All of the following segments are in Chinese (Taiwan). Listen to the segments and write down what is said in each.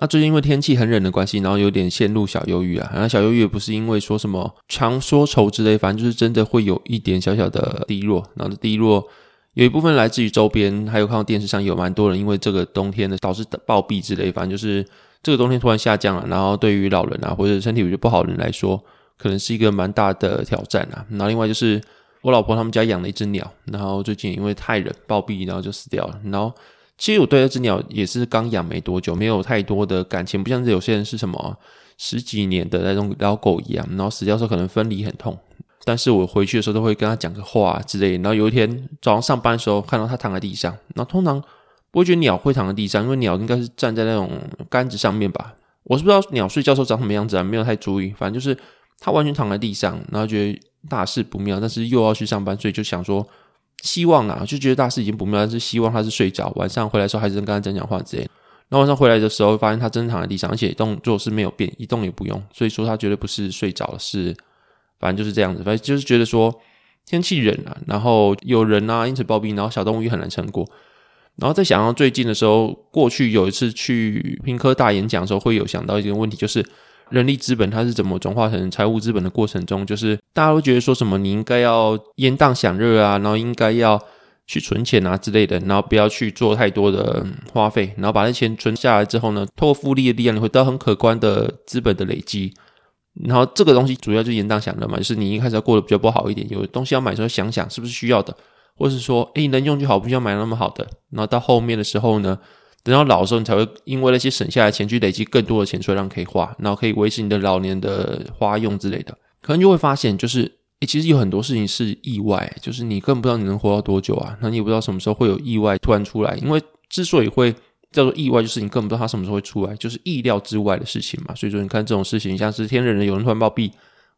那最近因為天氣很冷的關係，然後有點陷入小憂鬱啊。然後小憂鬱也不是因為說什麼強說愁之類，反正就是真的會有一點小小的低落。然後這低落有一部分來自於周邊，還有看到電視上有蠻多人因為這個冬天的導致暴斃之類。反正就是這個冬天突然下降了，然後對於老人啊或者身體比較不好的人來說，可能是一個蠻大的挑戰啊。然後另外就是我老婆他們家養了一隻鳥，然後最近因為太冷暴斃，然後就死掉了。然後。其實我對那隻鳥也是剛養沒多久，沒有太多的感情，不像是有些人是什麼十幾年的那種老狗一樣，然後死掉時候可能分離很痛。但是我回去的時候都會跟他講個話之類的。然後有一天早上上班的時候看到它躺在地上，然後通常不會覺得鳥會躺在地上，因為鳥應該是站在那種杆子上面吧。我是不知道鳥睡覺時候長什麼樣子啊，沒有太注意。反正就是它完全躺在地上，然後覺得大事不妙，但是又要去上班，所以就想說。希望啊，就覺得大事已經不妙，但是希望他是睡着。晚上回來的時候還是跟剛才講講話之類的。那晚上回來的時候，發現他真的躺在地上，而且動作是沒有變，一動也不用。所以說他絕對不是睡着，了，是反正就是這樣子。反正就是覺得說天氣冷啊，然後有人啊，因此暴斃，然後小動物也很難撐過。然後再想到最近的時候，過去有一次去屏科大演講的時候，會有想到一個問題，就是。人力資本它是怎麼轉化成財務資本的過程中，就是大家都覺得說什麼你應該要延宕享樂啊，然後應該要去存錢啊之類的，然後不要去做太多的花費，然後把那錢存下來之後呢，透過複利的力量，你會得到很可觀的資本的累積。然後這個東西主要就是延宕享樂嘛，就是你一開始要過得比較不好一點，有東西要買的時候想想是不是需要的，或者是說誒能用就好，不需要買那麼好的。然後到後面的時候呢？等到老的時候，你才會因為那些省下來錢去累積更多的錢出來，讓你可以花，然後可以維持你的老年的花用之類的。可能就會發現，就是、欸、其實有很多事情是意外，就是你根本不知道你能活到多久啊，那你也不知道什麼時候會有意外突然出來。因為之所以會叫做意外，就是你根本不知道它什麼時候會出來，就是意料之外的事情嘛。所以說，你看這種事情，像是天冷了有人突然暴斃，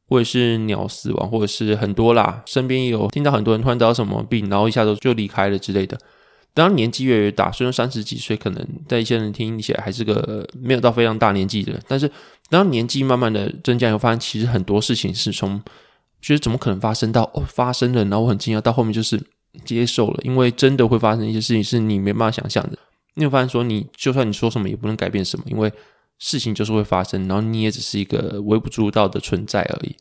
或者是鳥死亡，或者是很多啦，身邊也有聽到很多人突然得了什麼病，然後一下子就離開了之類的。當年紀越來越大，雖然三十幾歲可能在一些人聽起來還是個沒有到非常大年紀的，但是當年紀慢慢的增加以後，發現其實很多事情是從覺得怎麼可能發生到哦，發生了，然後我很驚訝，到後面就是接受了，因為真的會發生一些事情是你沒辦法想象的。你會發現說，你就算你說什麼也不能改變什麼，因為事情就是會發生，然後你也只是一個微不足道的存在而已。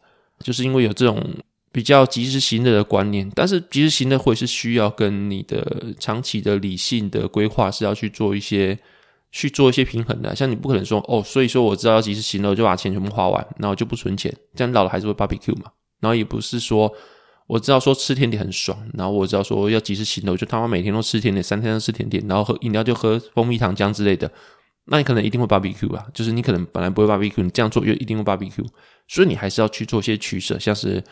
就是因為有這種。比較即時行樂的觀念，但是即時行樂會是需要跟你的長期的理性的規劃是要去做一些去做一些平衡的啊。像你不可能說哦，所以說我知道要即時行樂，我就把錢全部花完，然後我就不存錢。這樣老了還是會 barbecue 嘛？然後也不是說我知道說吃甜點很爽，然後我知道說要即時行樂，我就他媽每天都吃甜點，三天都吃甜點，然後喝飲料就喝蜂蜜糖漿之類的。那你可能一定會 barbecue 啊，就是你可能本來不會 barbecue，你這樣做又一定會 barbecue，所以你還是要去做一些取舍，像是。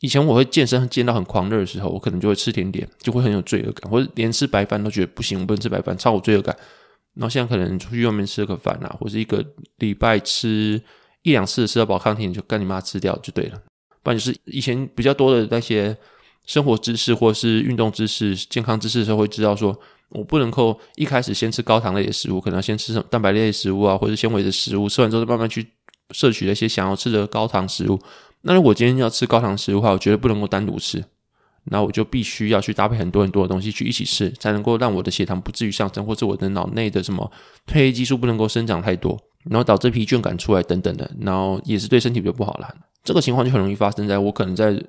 以前我會健身，健到很狂熱的時候，我可能就會吃甜點，就會很有罪惡感，或者連吃白飯都覺得不行，我不能吃白飯，超有罪惡感。然後現在可能出去外面吃個飯啊，或者一個禮拜吃一兩次吃到飽，康甜就幹你媽吃掉就對了。不然就是以前比較多的那些生活知識，或者是運動知識、健康知識的時候，會知道說我不能夠一開始先吃高糖類的食物，可能要先吃什麼蛋白類的食物啊，或者是纖維的食物，吃完之後慢慢去攝取那些想要吃的高糖食物。那如果今天要吃高糖食物的話，我絕對不能夠單獨吃，然後我就必須要去搭配很多很多的東西去一起吃，才能夠讓我的血糖不至於上升，或者我的腦內的什麼褪黑激素不能夠生長太多，然後導致疲倦感出來等等的，然後也是對身體比較不好啦。這個情況就很容易發生在我可能在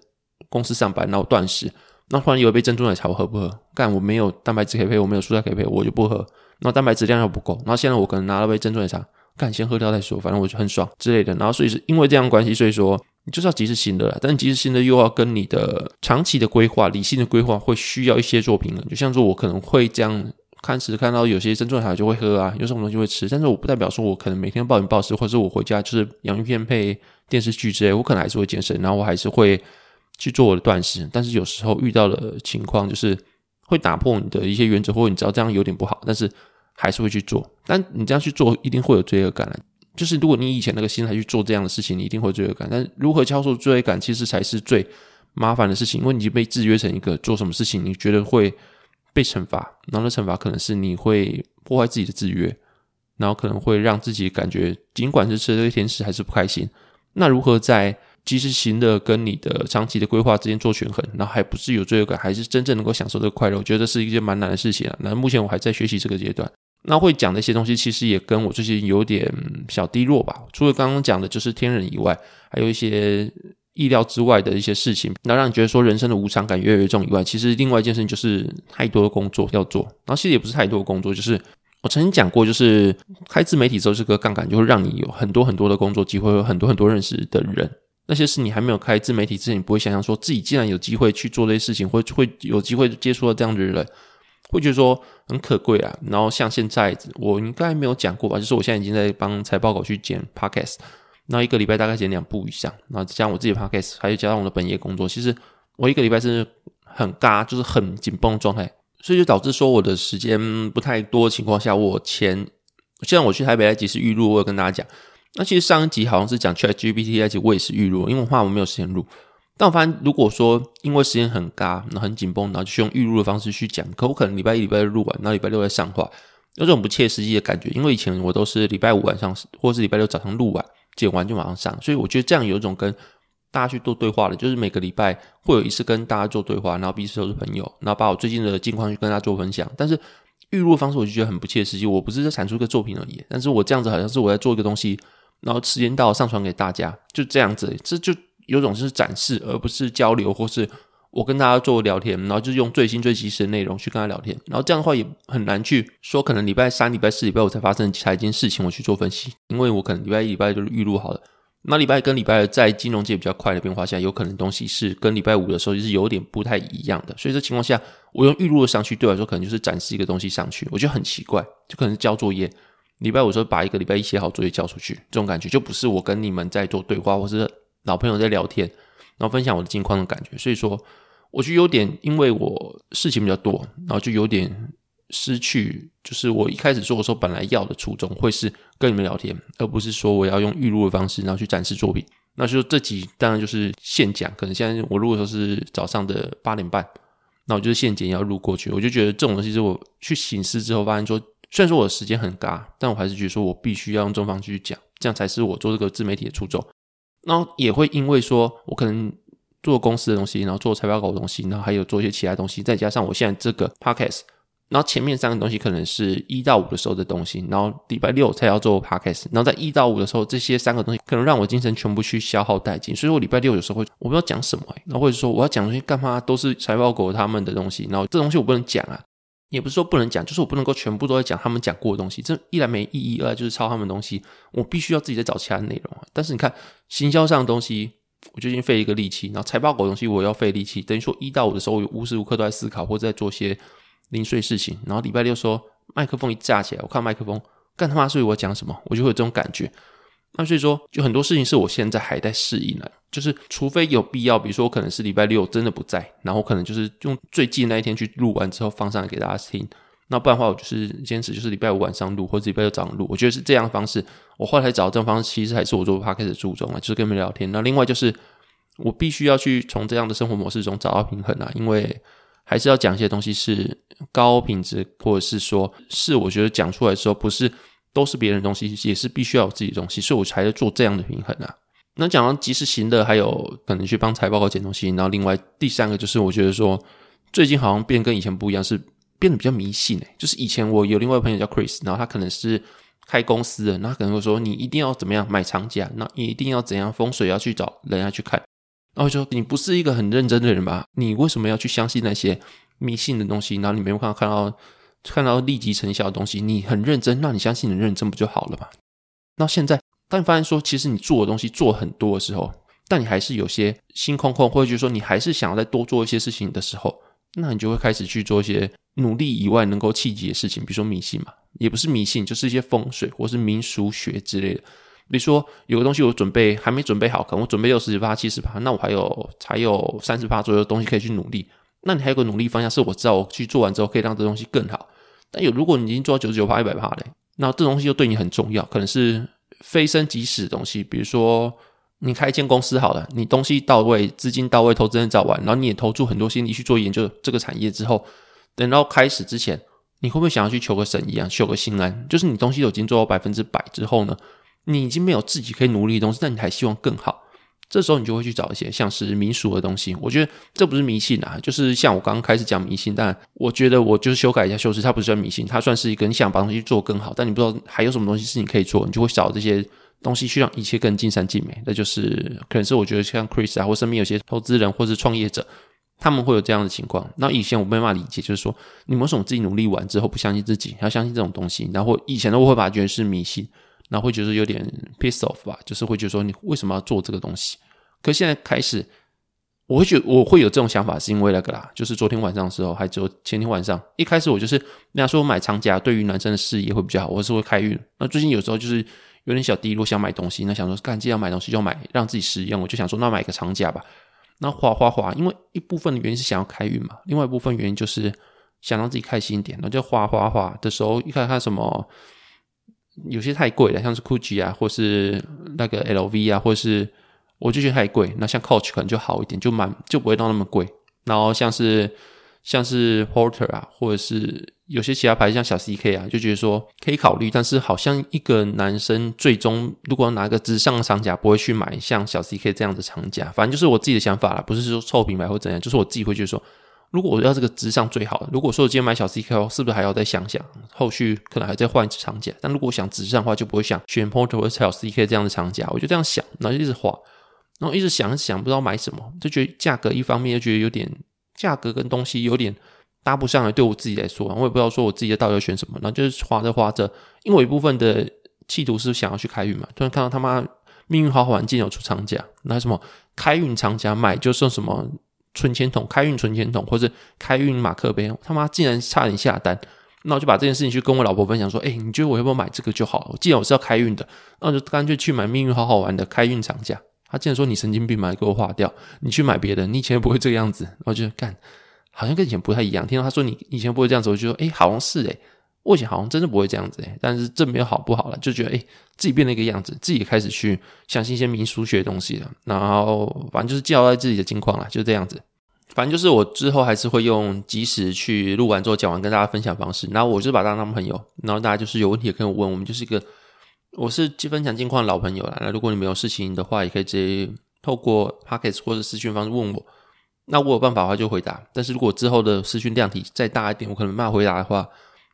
公司上班，然後斷食，那突然有一杯珍珠奶茶，我喝不喝？幹，我沒有蛋白質可以配，我沒有蔬菜可以配，我就不喝。那蛋白質量又不夠，然後現在我可能拿了杯珍珠奶茶，幹，先喝掉再說，反正我就很爽之類的。然後所以是因為這樣關係，所以說。你就是要及時行樂，但你及時行樂又要跟你的長期的規劃、理性的規劃會需要一些作品了。就像說，我可能會這樣，看時看到有些真做起來就會喝啊，有什麼東西會吃，但是我不代表說我可能每天暴飲暴食，或者是我回家就是洋芋片配電視劇之類，我可能還是會健身，然後我還是會去做我的斷食。但是有時候遇到的情況就是會打破你的一些原則，或者你知道這樣有點不好，但是還是會去做。但你這樣去做，一定會有罪惡感了。就是如果你以前那個心態去做這樣的事情，你一定會罪惡感。但如何消除罪惡感，其實才是最麻煩的事情，因為你已經被制約成一個做什麼事情你覺得會被懲罰，然後那懲罰可能是你會破壞自己的制約，然後可能會讓自己感覺儘管是吃了甜食還是不開心。那如何在即時行樂跟你的長期的規劃之間做權衡，然後還不是有罪惡感，還是真正能夠享受這個快樂，我覺得這是一件蠻難的事情啊。那目前我還在學習這個階段。那會講的一些東西，其實也跟我最近有點小低落吧。除了剛剛講的就是天人以外，還有一些意料之外的一些事情，那讓你覺得說人生的無常感越來越重以外，其實另外一件事情就是太多的工作要做。然後其實也不是太多的工作，就是我曾經講過，就是開自媒體之後，這個槓桿就會讓你有很多很多的工作機會，有很多很多認識的人。那些是你還沒有開自媒體之前，你不會想象說自己竟然有機會去做這些事情，會會有機會接觸到這樣的人。會覺得說很可貴啊，然後像現在我應該沒有講過吧，就是我現在已經在幫財報狗去剪 podcast，那一個禮拜大概剪兩部以上，然後加上我自己 podcast，還有加上我的本業工作，其實我一個禮拜是很嘎，就是很緊繃的狀態，所以就導致說我的時間不太多的情況下，我前，像我去台北那集是預錄，我有跟大家講。那其實上一集好像是講 Chat GPT 那集我也是預錄，因為我話我沒有時間錄。但我發現，如果說因為時間很趕，那很緊繃，然後就去用預錄的方式去講，可我可能禮拜一禮拜二錄完，然後禮拜六再上畫，有這種不切實際的感覺。因為以前我都是禮拜五晚上，或是禮拜六早上錄完，剪完就馬上上，所以我覺得這樣有一種跟大家去做對話了，就是每個禮拜會有一次跟大家做對話，然後彼此都是朋友，然後把我最近的近況去跟他做分享。但是預錄的方式，我就覺得很不切實際。我不是在產出一個作品而已，但是我這樣子好像是我在做一個東西，然後時間到上傳給大家，就這樣子，這就。有種是展示，而不是交流，或是我跟大家做聊天，然後就是用最新、最及時的內容去跟他聊天。然後這樣的話也很難去說，可能禮拜三、禮拜四、禮拜五才發生其他一件事情，我去做分析，因為我可能禮拜一、禮拜二就是預錄好了。那禮拜一跟禮拜二在金融界比較快的變化下，有可能東西是跟禮拜五的時候是有點不太一樣的。所以這情況下，我用預錄的上去，對我來說可能就是展示一個東西上去，我覺得很奇怪，就可能是交作業。禮拜五時候把一個禮拜一寫好作業交出去，這種感覺就不是我跟你們在做對話，或是老朋友在聊天，然後分享我的近況的感覺，所以說我就有點，因為我事情比較多，然後就有點失去，就是我一開始做的時候本來要的初衷，會是跟你們聊天，而不是說我要用預錄的方式，然後去展示作品。那就這集當然就是現講，可能現在我如果說是早上的八點半，那我就是現講要錄過去，我就覺得這種東西是我去省思之後發現說，雖然說我的時間很趕，但我還是覺得說我必須要用這種方式去講，這樣才是我做這個自媒體的初衷。然後也會因為說，我可能做公司的東西，然後做財報狗的東西，然後還有做一些其他東西，再加上我現在這個 podcast，然後前面三個東西可能是一到五的時候的東西，然後禮拜六才要做 podcast，然後在一到五的時候，這些三個東西可能讓我精神全部去消耗殆盡，所以，我禮拜六有時候會我不知道講什麼誒，然後或者說我要講東西幹嘛，都是財報狗他們的東西，然後這東西我不能講啊。也不是說不能講，就是我不能夠全部都在講他們講過的東西，這一來沒意義，二來就是抄他們的東西，我必須要自己再找其他的內容。但是你看，行銷上的東西，我就已經費一個力氣，然後財報狗東西，我要費力氣，等於說一到五的時候，我無時無刻都在思考或者在做些零碎事情。然後禮拜六說麥克風一架起來，我看麥克風，幹他媽，所以我講什麼，我就會有這種感覺。那所以說，就很多事情是我現在還在適應呢。就是除非有必要，比如說我可能是禮拜六真的不在，然後可能就是用最近那一天去錄完之後放上來給大家聽。那不然的話，我就是堅持就是禮拜五晚上錄，或者禮拜六早上錄。我覺得是這樣的方式。我後來找這種方式，其實還是我做 podcast 開始注重了啊，就是跟你們聊天。那另外就是，我必須要去從這樣的生活模式中找到平衡啊，因為還是要講一些東西是高品質，或者是說，是我覺得講出來的時候不是。都是別人的東西，也是必須要有自己的東西，所以我才在做這樣的平衡啊。那講到即時行樂，還有可能去幫財報狗剪東西，然後另外第三個就是，我覺得說最近好像變跟以前不一樣，是變得比較迷信誒、欸、就是以前我有另外一個朋友叫 Chris，然後他可能是開公司的，那可能會說你一定要怎麼樣買長假，那一定要怎樣風水要去找人家去看。然後我就說，你不是一個很認真的人吧？你為什麼要去相信那些迷信的東西？然後你沒有看到。看到立即成效的東西，你很認真，那你相信你認真不就好了嘛？那現在當你發現說，其實你做的東西做很多的時候，但你還是有些心空空，或者就是說你還是想要再多做一些事情的時候，那你就會開始去做一些努力以外能夠契機的事情，比如說迷信嘛，也不是迷信，就是一些風水或是民俗學之類的。比如說有個東西我準備還沒準備好，可能我準備六十趴、七十趴，那我還有還有三十趴左右的東西可以去努力。那你還有個努力方向，是我知道我去做完之後可以讓這東西更好。但有，如果你已經做到九十九趴、一百趴嘞，那這東西又對你很重要，可能是非生即死的東西。比如說，你開一間公司好了，你東西到位，資金到位，投資人找完，然後你也投出很多心力去做研究這個產業之後，等到開始之前，你會不會想要去求個神一啊，修個心安？就是你東西都已經做到百分之百之後呢，你已經沒有自己可以努力的東西，那你還希望更好。這時候你就會去找一些像是民俗的東西，我覺得這不是迷信啊，就是像我剛剛開始講迷信，但我覺得我就是修改一下修飾，它，不是算迷信，它算是一個你想把東西做更好，但你不知道還有什麼東西是你可以做，你就會找這些東西去讓一切更盡善盡美。那就是可能是我覺得像 Chris 啊，或身邊有些投資人或是創業者，他們會有這樣的情況。那以前我沒辦法理解，就是說你為什麼自己努力完之後不相信自己，要相信這種東西，然後以前的我會把它覺得是迷信。那會覺得有點 piss off 吧，就是會覺得說你為什麼要做這個東西？可現在開始，我會覺得我會有這種想法，是因為那個啦，就是昨天晚上的時候，還就前天晚上一開始我就是那說買長假對於男生的事業會比較好，我是會開運。那最近有時候就是有點小低，如果想買東西，那想說幹既然買東西就買讓自己實用，我就想說那買個長假吧。那滑滑滑，因為一部分的原因是想要開運嘛，另外一部分原因就是想讓自己開心一點。那就滑滑滑的時候，一看看什麼。有些太貴了，像是 GUCCI 啊，或是那個 LV 啊，或者是我就覺得太貴。那像 Coach 可能就好一點，就蠻就不會到那麼貴。然後像是像是 Porter 啊，或者是有些其他牌像小 CK 啊，就覺得說可以考慮。但是好像一個男生最終如果要拿個直上的長夾，不會去買像小 CK 這樣的長夾。反正就是我自己的想法啦，不是說臭品牌或怎樣，就是我自己會覺得說。如果我要這個值上最好的，如果說我今天買小 CK 的話，是不是還要再想想，後續可能還再換一只長夾？但如果想值上的話，就不會想選 Porter 或者小 CK 這樣的長夾。我就這樣想，然後就一直滑，然後一直想，一想，想不知道買什麼，就覺得價格一方面又覺得有點價格跟東西有點搭不上來，對我自己來說，我也不知道說我自己的到底要選什麼。然後就是滑着滑着，因為一部分的企圖是想要去開運嘛，突然看到他媽命運好好玩竟然有出長夾，那什麼開運長夾買就送什麼。存錢筒、開運存錢筒，或是開運馬克杯，他媽竟然差點下單，那我就把這件事情去跟我老婆分享，說：“哎、欸，你覺得我要不要買這個就好了？既然我是要開運的，那我就乾脆去買命運好好玩的開運長假。”他竟然說：“你神經病嘛，給我劃掉，你去買別的，你以前不會這個樣子。”然後我就幹，好像跟以前不太一樣。聽到他說你以前不會這樣子，我就說：“哎、欸，好像是哎。”我以前好像真的不會這樣子欸，但是這沒有好不好了，就覺得誒、欸，自己變了一個樣子，自己開始去相信一些民俗學的東西了。然後反正就是交代自己的近況了，就這樣子。反正就是我之後還是會用即時去錄完之後講完跟大家分享方式。然後我就把大家當朋友，然後大家就是有問題也可以問。我們就是一個，我是去分享近況的老朋友了。那如果你沒有事情的話，也可以直接透過 Podcast 或者私訊方式問我。那我有辦法的話就回答。但是如果之後的私訊量體再大一點，我可能沒辦法回答的話。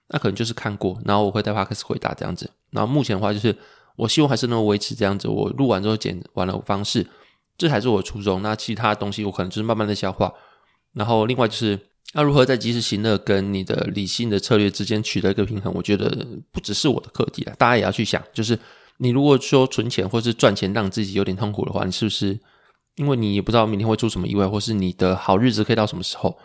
那可能就是看過，然後我會帶帕克斯回答這樣子。然後目前的話，就是我希望還是能維持這樣子。我錄完之後剪完了方式，這才是我初衷。那其他東西我可能就是慢慢的消化。然後另外就是，那、啊、如何在及時行樂跟你的理性的策略之間取得一個平衡？我覺得不只是我的課題啊，大家也要去想。就是你如果說存錢或是賺錢，讓自己有點痛苦的話，你是不是因為你也不知道明天會出什麼意外，或是你的好日子可以到什麼時候？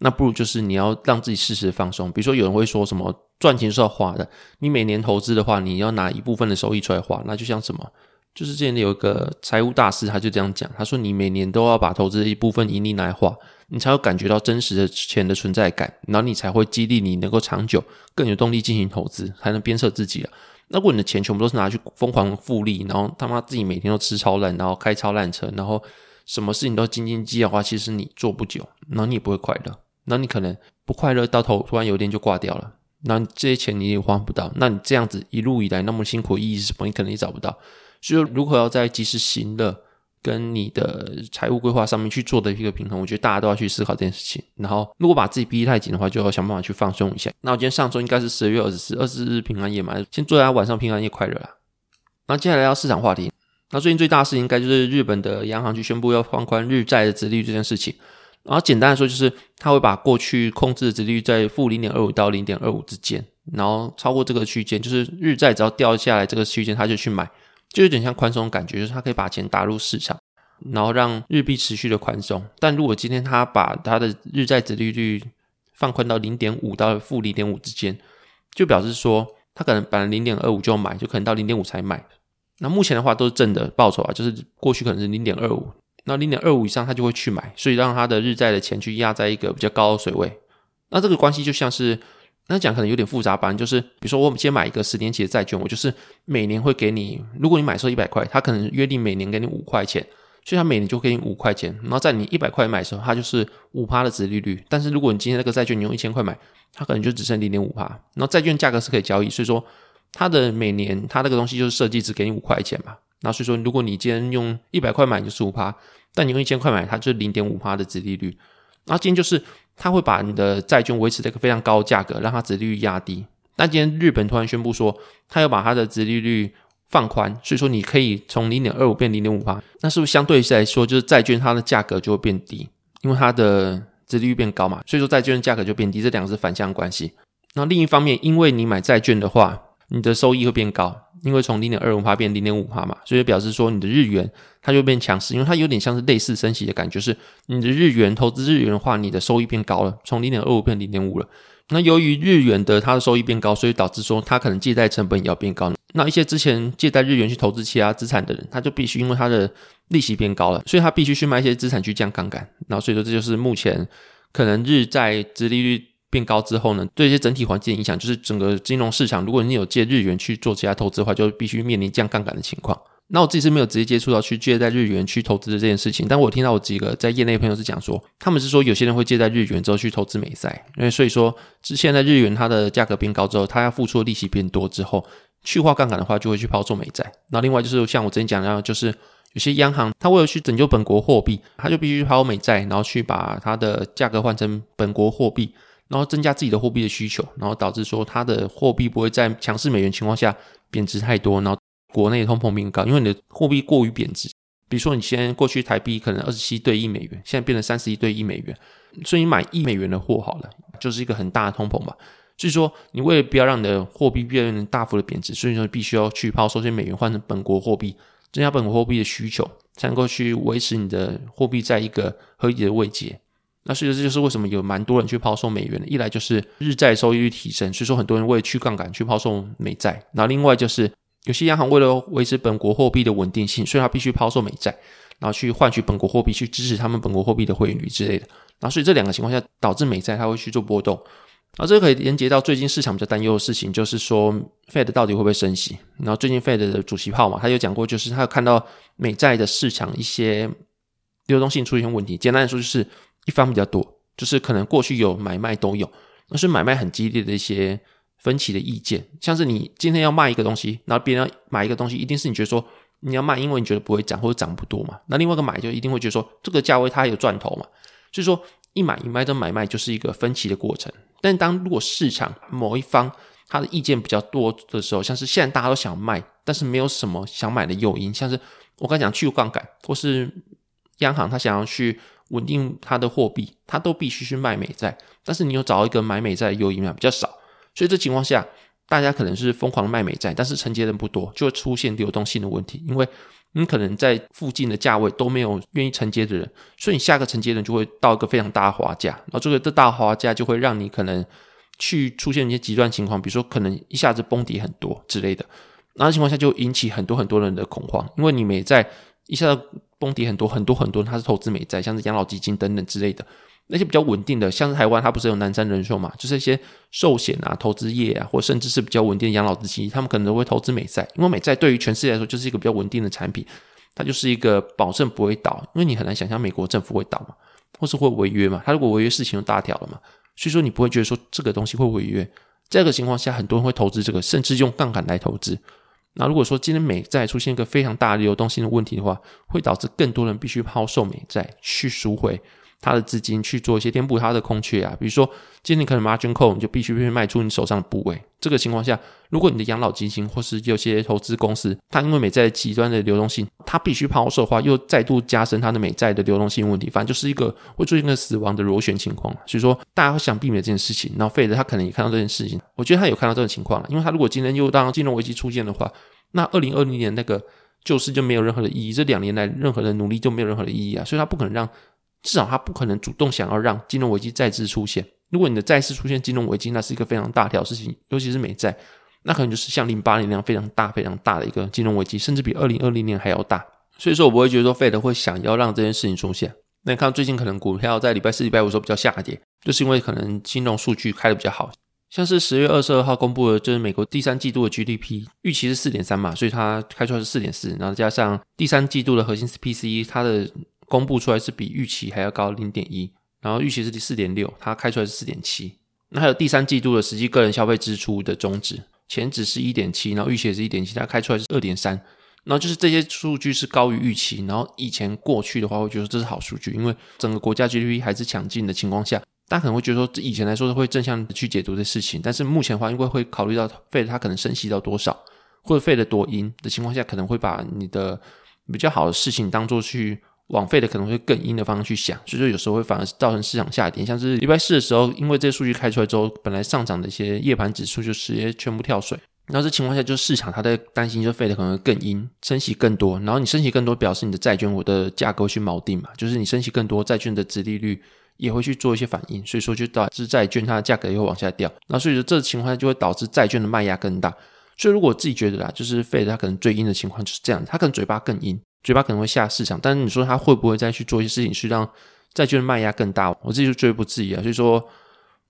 那不如就是你要讓自己適時放鬆。比如說有人會說什麼賺錢是要花的，你每年投資的話，你要拿一部分的收益出來花。那就像什麼，就是之前有一個財務大師他就這樣講，他說你每年都要把投資的一部分盈利拿來花，你才會感覺到真實的錢的存在感，然後你才會激勵你能夠長久更有動力進行投資，才能鞭策自己啊。那如果你的錢全部都是拿去瘋狂複利，然後他媽自己每天都吃超爛，然後開超爛車，然後什麼事情都斤斤計較的話，其實你做不久，然後你也不會快樂。那你可能不快樂，到頭突然有一天就掛掉了，那這些錢你也花不到，那你這樣子一路以來那麼辛苦的意義是什麼？你可能也找不到。所以如果要在及時行樂跟你的財務規劃上面去做的一個平衡，我覺得大家都要去思考這件事情。然後如果把自己逼得太緊的話，就要想辦法去放鬆一下。那我今天上周應該是十二月二十四、二十四日平安夜嘛，先祝大家晚上平安夜快樂啦。那接下來要市場話題，那最近最大的事應該就是日本的央行去宣布要放寬日債的殖利率這件事情。然後簡單的說，就是他會把過去控制的殖利率在負零點二五到零點二五之間，然後超過這個區間，就是日債只要掉下來這個區間，他就去買，就有點像寬鬆的感覺，就是他可以把錢打入市場，然後讓日幣持續的寬鬆。但如果今天他把他的日債殖利率放寬到零點五到負零點五之間，就表示說他可能本來零點二五就買，就可能到零點五才買。那目前的話都是正的報酬啊，就是過去可能是零點二五。那零點二五以上，他就會去買，所以讓他的日債的錢去壓在一個比較高的水位。那這個關係就像是，那講可能有點複雜吧。就是比如說，我先買一個十年期的債券，我就是每年會給你，如果你買的時候一百塊，他可能約定每年給你五塊錢，所以他每年就給你五塊錢。然後在你一百塊買的時候，它就是五趴的殖利率。但是如果你今天那個債券你用一千塊買，它可能就只剩零點五趴，然後債券價格是可以交易，所以說它的每年它那個東西就是設計只給你五塊錢嘛。那所以說，如果你今天用一百塊買就是五趴，但你用一千塊買它就零點五趴的殖利率。那今天就是它會把你的債券維持在一個非常高的價格，讓它殖利率壓低。那今天日本突然宣布說，它要把它的殖利率放寬，所以說你可以從零點二五變零點五趴，那是不是相對來說就是債券它的價格就會變低？因為它的殖利率變高嘛，所以說債券的價格就變低，這兩個是反向關係。那另一方面，因為你買債券的話，你的收益會變高，因為從零點二五趴變零點五趴嘛，所以就表示說你的日元它就會變強勢，因為它有點像是類似升息的感覺，就是你的日元投資日元的話，你的收益變高了，從零點二五變零點五了。那由於日元的它的收益變高，所以導致說它可能借貸成本也要變高。那一些之前借貸日元去投資其他資產的人，他就必須因為他的利息變高了，所以他必須去賣一些資產去降槓桿，桿。然後所以說這就是目前可能日債殖利率。變高之後呢，對一些整體環境影響就是整個金融市場，如果你有借日元去做其他投資的話，就必須面臨降槓桿的情況。那我自己是沒有直接接觸到去借貸日元去投資的這件事情，但我有聽到我幾個在業內朋友是講說，他們是說有些人會借貸日元之後去投資美債，因為所以說現在日元它的價格變高之後，它要付出的利息變多之後，去化槓桿的話就會去拋售美債。那另外就是像我之前講的樣，就是有些央行它為了去拯救本國貨幣，它就必須拋美債，然後去把它的價格換成本國貨幣。然後增加自己的貨幣的需求，然後導致說它的貨幣不會在強勢美元情況下貶值太多，然後國內的通膨變高，因為你的貨幣過於貶值。比如說，你先過去台幣可能二十七對一美元，現在變成三十一對一美元，所以你買一美元的貨好了，就是一個很大的通膨嘛。所以說，你為了不要讓你的貨幣變成大幅的貶值，所以說必須要去拋售些美元換成本國貨幣，增加本國貨幣的需求，才能夠去維持你的貨幣在一個合理的位階。那所以這就是為什麼有蠻多人去拋售美元的。一來就是日債收益率提升，所以說很多人為了去槓桿去拋售美債。然後另外就是有些央行為了維持本國貨幣的穩定性，所以他必須拋售美債，然後去換取本國貨幣，去支持他們本國貨幣的匯率之類的。然後所以這兩個情況下導致美債它會去做波動。然後這可以連接到最近市場比較擔憂的事情，就是說 Fed 到底會不會升息？然後最近 Fed 的主席鮑嘛，他有講過，就是他有看到美債的市場一些流動性出現問題。簡單來說就是。一方比較多，就是可能過去有買賣都有，那是買賣很激烈的一些分歧的意見，像是你今天要賣一個東西，然後別人要買一個東西，一定是你覺得說你要賣，因為你覺得不會漲或者漲不多嘛。那另外一個買就一定會覺得說這個價位它有賺頭嘛，所以說一買一賣的買賣就是一個分歧的過程。但是當如果市場某一方他的意見比較多的時候，像是現在大家都想賣，但是沒有什麼想買的誘因，像是我剛才講去槓桿或是央行他想要去。穩定它的貨幣，它都必須去賣美債，但是你有找到一個買美債的，又因為比較少，所以這情況下，大家可能是瘋狂賣美債，但是承接人不多，就會出現流動性的問題。因為你可能在附近的價位都沒有願意承接的人，所以你下個承接人就會到一個非常大的滑價，然後這個這大滑價就會讓你可能去出現一些極端情況，比如說可能一下子崩跌很多之類的。那情況下就引起很多很多人的恐慌，因為你美債一下子。崩底很多，很多很多很多人，他是投資美債，像是養老基金等等之類的那些比較穩定的，像是台灣，它不是有南山人壽嘛？就是一些壽險啊、投資業啊，或甚至是比較穩定的養老基金，他們可能都會投資美債，因為美債對於全世界來說就是一個比較穩定的產品，它就是一個保證不會倒，因為你很難想象美國政府會倒嘛，或是會違約嘛，他如果違約事情就大條了嘛，所以說你不會覺得說這個東西會違約，在這個情況下，很多人會投資這個，甚至用槓桿來投資。那如果說今天美債出現一個非常大的流動性的問題的話，會導致更多人必須拋售美債去贖回他的資金去做一些填補他的空缺啊，比如說今天你可能 margin call，你就必須必須賣出你手上的部位。這個情況下，如果你的養老基金或是有些投資公司，它因為美債極端的流動性，它必須拋售的話，又再度加深它的美債的流動性問題，反正就是一個會出現一個死亡的螺旋情況。所以說，大家會想避免這件事情。然後費德他可能也看到這件事情，我覺得他有看到這種情況了，因為他如果今天又當金融危機出現的話，那二零二零年那個救市就沒有任何的意義，這兩年來任何的努力就沒有任何的意義啊，所以他不可能讓。至少他不可能主動想要讓金融危機再次出現。如果你的再次出現金融危機，那是一個非常大條事情，尤其是美債，那可能就是像零八年那樣非常大、非常大的一個金融危機，甚至比二零二零年還要大。所以說我不會覺得說 Fed 會想要讓這件事情出現。那你看最近可能股票在禮拜四、禮拜五的時候比較下跌，就是因為可能金融數據開的比較好，像是十月二十二號公布的，就是美國第三季度的 GDP 預期是四點三嘛，所以它開出來是四點四，然後加上第三季度的核心 PCE 它的。公布出來是比預期還要高零點一，然後預期是四點六，它開出來是四點七。那還有第三季度的實際個人消費支出的中值前值是一點七，然後預期也是一點七，它開出來是二點三。然後就是這些數據是高於預期。然後以前過去的話，會覺得這是好數據，因為整個國家 GDP 還是強勁的情況下，大家可能會覺得說以前來說是會正向的去解讀的事情。但是目前的話，因為會考慮到費了它可能升息到多少或者費的多鷹的情況下，可能會把你的比較好的事情當做去。往費的可能會更陰的方向去想，所以說有時候會反而造成市場下跌。像是禮拜四的時候，因為這些數據開出來之後，本來上漲的一些夜盤指數就直接全部跳水。然後這情況下，就是市場他在擔心，就費的可能更陰，升息更多。然後你升息更多，表示你的債券我的價格會去錨定嘛，就是你升息更多，債券的殖利率也會去做一些反應，所以說就導致債券它的價格也會往下掉。那所以說這情況下就會導致債券的賣壓更大。所以如果我自己覺得啦，就是費的它可能最陰的情況就是這樣，它可能嘴巴更陰。嘴巴可能會下市場，但是你說他會不會再去做一些事情，去讓債券的賣壓更大？我自己就絕對不至於啊。所以說，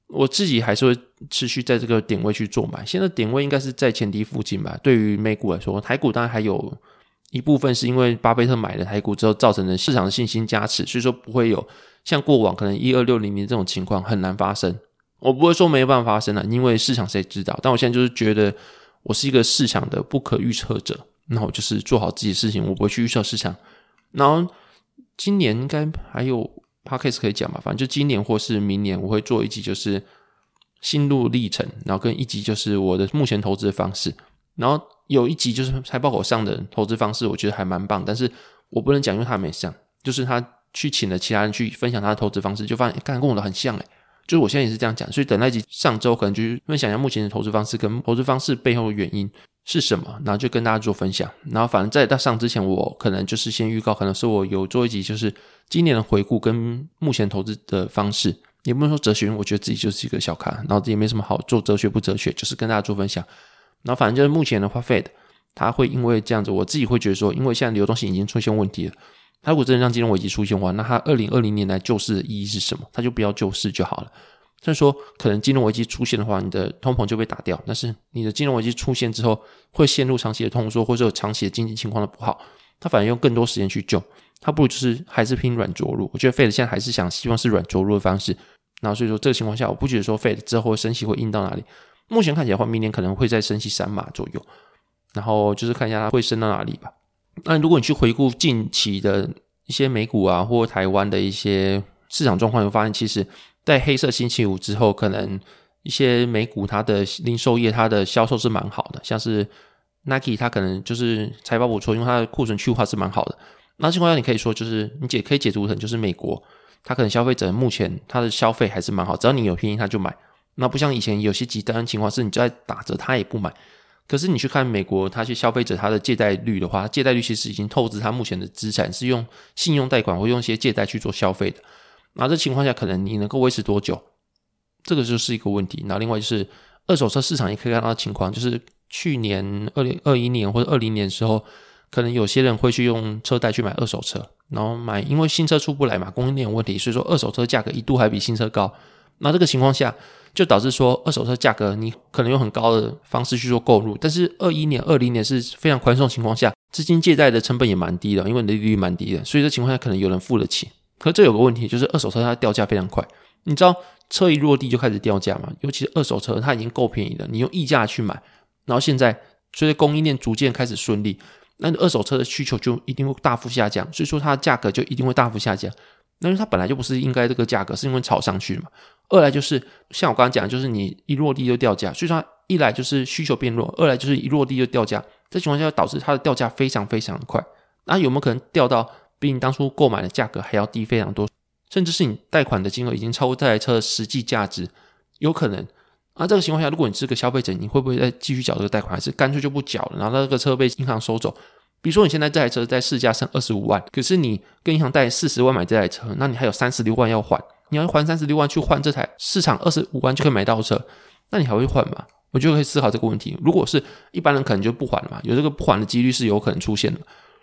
我自己還是會持續在這個點位去做買。現在點位應該是在前低附近吧？對於美股來說，台股當然還有一部分是因為巴菲特買了台股之後造成的市場的信心加持，所以說不會有像過往可能一二六零零這種情況很難發生。我不會說沒有辦法發生了，因為市場誰知道？但我現在就是覺得，我是一個市場的不可預測者。那我就是做好自己的事情，我不會去預測市場。然後今年應該還有 podcast 可以講吧？反正就今年或是明年，我會做一集就是心路歷程，然後跟一集就是我的目前投資的方式。然後有一集就是財報狗上的投資方式，我覺得還蠻棒，但是我不能講，因為他沒上，就是他去請了其他人去分享他的投資方式，就發現看、欸、跟我的很像哎、欸，就是我現在也是這樣講，所以等那一集上周可能就是分享一下目前的投資方式跟投資方式背後的原因。是什麼？然後就跟大家做分享。然後反正在他上之前，我可能就是先預告，可能是我有做一集，就是今年的回顧跟目前投資的方式。也不能說哲學，我覺得自己就是一個小咖，然後也沒什麼好做哲學不哲學，就是跟大家做分享。然後反正就是目前的話，Fed，他會因為這樣子，我自己會覺得說，因為現在流動性已經出現問題了。他如果真的讓金融危機出現的話，那他二零二零年來救市的意義是什麼？他就不要救市就好了。就是說，可能金融危機出現的話，你的通膨就被打掉。但是，你的金融危機出現之後，會陷入長期的通縮，或者有長期的經濟情況的不好。他反而用更多時間去救，他不如就是還是拼軟着陸。我覺得 Fed 現在還是想希望是軟着陸的方式。然後，所以說這個情況下，我不覺得說 Fed 之後升息會硬到哪裡。目前看起來的話，明年可能會再升息三碼左右。然後就是看一下它會升到哪裡吧。那如果你去回顧近期的一些美股啊，或台灣的一些市場狀況，你會發現其實。在黑色星期五之後，可能一些美股它的零售業它的銷售是蠻好的，像是 Nike，它可能就是財報不錯，因為它的庫存去化是蠻好的。那情況下，你可以說就是你解可以解讀成就是美國，它可能消費者目前它的消費還是蠻好，只要你有便宜他就買。那不像以前有些極端的情況是，你在打折他也不買。可是你去看美國，它些消費者它的借貸率的話，借貸率其實已經透支，它目前的資產是用信用貸款或用一些借貸去做消費的。那、啊、這情況下，可能你能夠維持多久？這個就是一個問題。那另外就是二手車市場也可以看到的情況，就是去年二零二一年或者二零年的時候，可能有些人會去用車貸去買二手車，然後買，因為新車出不來嘛，供應鏈有問題，所以說二手車價格一度還比新車高。那這個情況下，就導致說二手車價格你可能用很高的方式去做購入，但是二一年、二零年是非常寬鬆的情況下，資金借貸的成本也蠻低的，因為利率蠻低的，所以這情況下可能有人付得起。可這有個問題，就是二手車它的掉價非常快。你知道車一落地就開始掉價嘛？尤其是二手車，它已經夠便宜了，你用溢價去買，然後現在隨着供應鏈逐漸開始順利，那二手車的需求就一定會大幅下降，所以說它的價格就一定會大幅下降。那因為它本來就不是應該這個價格，是因為炒上去嘛。二來就是像我剛剛講，就是你一落地就掉價，所以說它一來就是需求變弱，二來就是一落地就掉價，這情況下導致它的掉價非常非常的快。那有沒有可能掉到？比你當初購買的價格還要低非常多，甚至是你貸款的金額已經超過這台車的實際價值，有可能。啊，這個情況下，如果你是個消費者，你會不會再繼續繳這個貸款，還是乾脆就不繳了？然後那個車被銀行收走。比如說，你現在這台車在市價剩二十五萬，可是你跟銀行貸四十萬買這台車，那你還有三十六萬要還。你要還三十六萬去換這台市場二十五萬就可以買到車，那你還會換嗎？我覺得可以思考這個問題。如果是一般人，可能就不還了嘛。有這個不還的幾率是有可能出現的。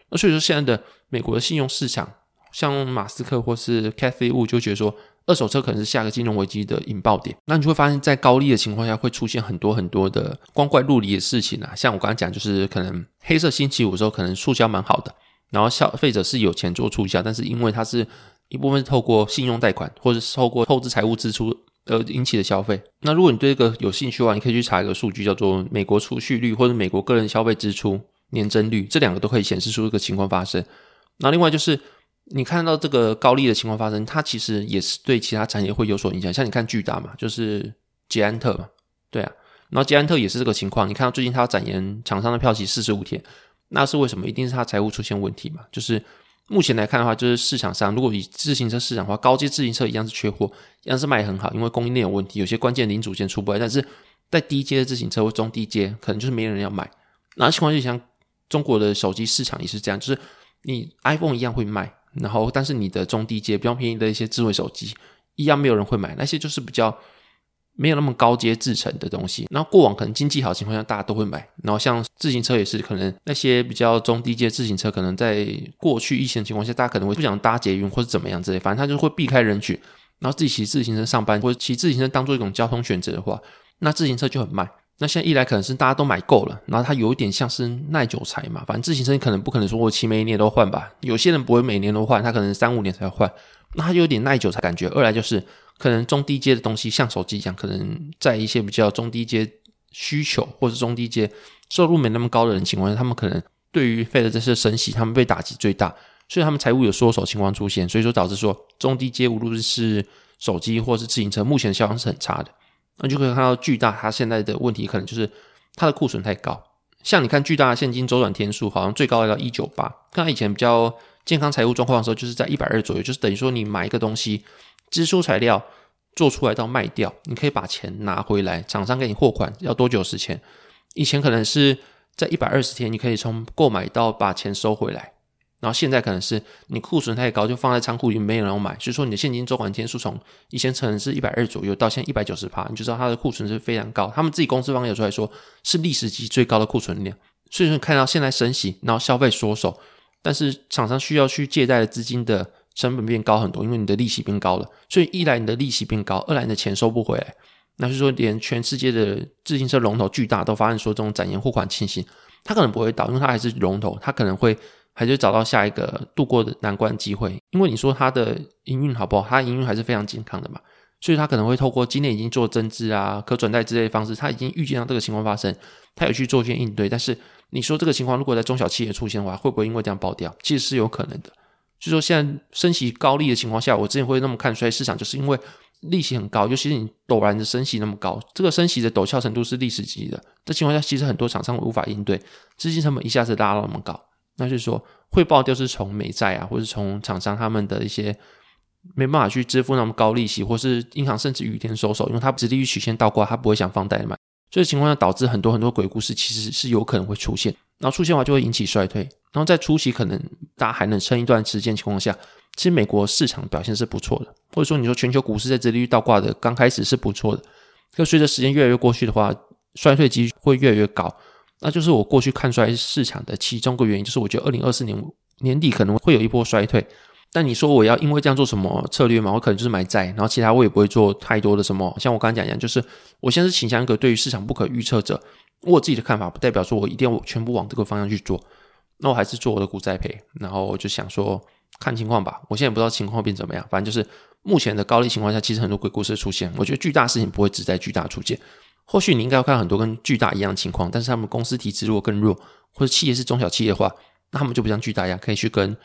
那所以說，現在的美國的信用市場，像馬斯克或是 Cathie Wood 就覺得說，二手車可能是下個金融危機的引爆點。那你就會發現，在高利的情況下，會出現很多很多的光怪陸離的事情啊。像我剛才講，就是可能黑色星期五的時候，可能促銷蠻好的，然後消費者是有錢做促銷，但是因為它是一部分是透過信用貸款或者是透過透支財務支出而引起的消費。那如果你對這個有興趣的話，你可以去查一個數據，叫做美國儲蓄率或者美國個人消費支出。年增率這兩個都可以顯示出一個情況發生。那另外就是你看到這個高利的情況發生，它其實也是對其他產業會有所影響。像你看巨大嘛，就是捷安特嘛，對啊。然後捷安特也是這個情況，你看到最近它要展延廠商的票期四十五天，那是為什麼？一定是它財務出現問題嘛。就是目前來看的話，就是市場上如果以自行車市場的話，高階自行車一樣是缺貨，一樣是賣很好，因為供應鏈有問題，有些關鍵零組件出不來。但是在低階的自行車或中低階，可能就是沒人要買。然後情況就像。中國的手機市場也是這樣，就是你 iPhone 一樣會賣，然後但是你的中低階比較便宜的一些智慧手機一樣沒有人會買，那些就是比較沒有那麼高階製程的東西。然後過往可能經濟好的情況下大家都會買，然後像自行車也是，可能那些比較中低階自行車，可能在過去疫情的情況下大家可能會不想搭捷運或是怎麼樣之類，反正他就會避開人群，然後自己騎自行車上班或者騎自行車當作一種交通選擇的話，那自行車就很賣。那現在一來可能是大家都買夠了，然後它有一點像是耐久財嘛，反正自行車可能不可能說我騎每一年都換吧，有些人不會每年都換，他可能三五年才換，那它有一點耐久財感覺。二來就是可能中低階的東西，像手機一樣，可能在一些比較中低階需求或者中低階收入沒那麼高的人情況下，他們可能對於費的這些升息，他們被打擊最大，所以他們財務有縮手情況出現，所以說導致說中低階無論是手機或是自行車，目前銷量是很差的。那就可以看到，巨大它現在的問題可能就是它的庫存太高。像你看，巨大的現金周轉天數好像最高要到一九八。看它以前比較健康財務狀況的時候，就是在一百二左右，就是等於說你買一個東西，支出材料做出來到賣掉，你可以把錢拿回來，廠商給你貨款要多久時間？以前可能是在一百二十天，你可以從購買到把錢收回來。然後現在可能是你庫存太高，就放在倉庫裡沒有人要買，所以說你的現金週轉天數從以前可能是一百二左右，到現在一百九十八，你就知道它的庫存是非常高。他們自己公司方有出來說是歷史級最高的庫存量。所以說你看到現在升息，然後消費縮手，但是廠商需要去借貸的資金的成本變高很多，因為你的利息變高了。所以一來你的利息變高，二來你的錢收不回來，那就是說連全世界的自行車龍頭巨大都發現說這種展延貨款情形，它可能不會倒，因為它還是龍頭，它可能會。還是找到下一個度過的難關機會，因為你說它的營運好不好？它營運還是非常健康的嘛，所以它可能會透過今年已經做增資啊、可轉債之類的方式，它已經預見到這個情況發生，它有去做一些應對。但是你說這個情況如果在中小企業出現的話，會不會因為這樣爆掉？其實是有可能的。所以說現在升息高利的情況下，我之前會那麼看衰市場，就是因為利息很高，尤其是你陡然的升息那麼高，這個升息的陡峭程度是歷史級的。這情況下，其實很多廠商無法應對，資金成本一下子拉到那麼高。那就是說，匯報就是從美債啊，或者從廠商他們的一些沒辦法去支付那麼高利息，或是銀行甚至雨天收手，因為它殖利率曲線倒掛，它不會想放貸的嘛。所以情況下，導致很多很多鬼故事其實是有可能會出現，然後出現的話就會引起衰退。然後在初期可能大家還能撐一段時間情況下，其實美國市場表現是不錯的，或者說你說全球股市在殖利率倒掛的剛開始是不錯的，可隨着時間越來越過去的話，衰退機會越來越高。那就是我過去看衰市場的其中一個原因，就是我覺得二零二四年年底可能會有一波衰退。但你說我要因為這樣做什麼策略嘛？我可能就是買債，然後其他我也不會做太多的什麼。像我剛才講一樣，就是我現在是傾向一個對於市場不可預測者，我自己的看法不代表說我一定要全部往這個方向去做。那我還是做我的股債配，然後我就想說看情況吧。我現在也不知道情況會變怎麼樣，反正就是目前的高利情況下，其實很多鬼故事出現。我覺得巨大事情不會只在巨大出現。或許你應該要看很多跟巨大一樣的情況，但是他們公司體質如果更弱，或者企業是中小企業的話，那他們就不像巨大一樣可以去跟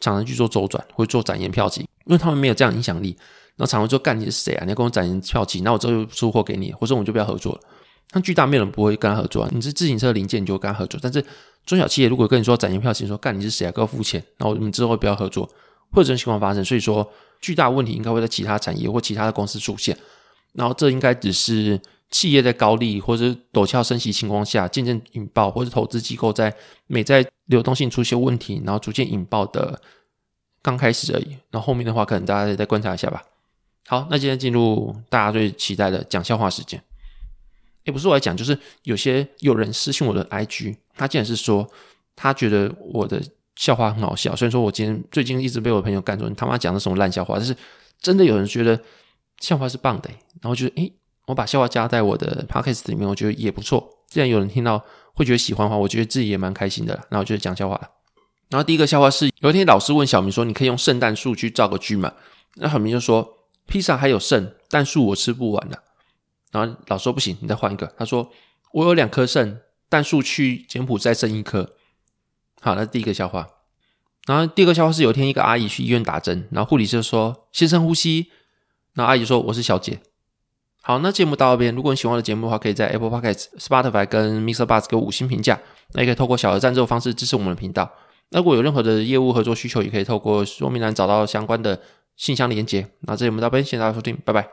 廠商去做周轉或者做展延票期，因為他們沒有這樣的影響力。然後廠商就說：“幹你是誰啊？你要跟我展延票期？那我之後就出貨給你，或者我們就不要合作了。”像巨大，沒有人不會跟他合作。啊，你是自行車零件，你就跟他合作。但是中小企業如果跟你說展延票期，你說，幹你是誰啊？給我付錢，然後我們之後不要合作，或者這種情況發生。所以說，巨大問題應該會在其他產業或其他的公司出現。然後這應該只是。企業在高利或者陡峭升息情況下漸漸引爆，或者投資機構在美債流動性出現問題，然後逐漸引爆的剛開始而已。然後後面的話，可能大家也再觀察一下吧。好，那今天進入大家最期待的講笑話時間。欸，不是我來講，就是有些有人私信我的 IG，他竟然是說他覺得我的笑話很好笑。雖然說我今天最近一直被我的朋友幹，走，他媽講的什麼爛笑話？但是真的有人覺得笑話是棒的。欸，然後就是誒。我把笑話加在我的 podcast 裡面，我覺得也不錯。既然有人聽到會覺得喜歡的話，我覺得自己也蠻開心的啦。然後我就講笑話了。然後第一個笑話是，有一天老師問小明說：“你可以用聖誕樹去造個句嗎？”那小明就說：“披薩還有剩，但樹我吃不完了，啊。”然後老師說：“不行，你再換一個。”他說：“我有兩顆腎，但樹去柬埔寨再剩一顆。”好，那第一個笑話。然後第二個笑話是，有一天一個阿姨去醫院打針，然後護理師就說：“先生，呼吸。”然後阿姨說：“我是小姐。”好，那節目到這邊。如果你喜歡我的節目的話，可以在 Apple p o c k e t Spotify 跟 Mr、er、Buzz 給我五星評價。那也可以透過小額贊助方式支持我們的頻道。那如果有任何的業務合作需求，也可以透過說明欄找到相關的信箱連接。那這節目到這邊，謝謝大家收聽，拜拜。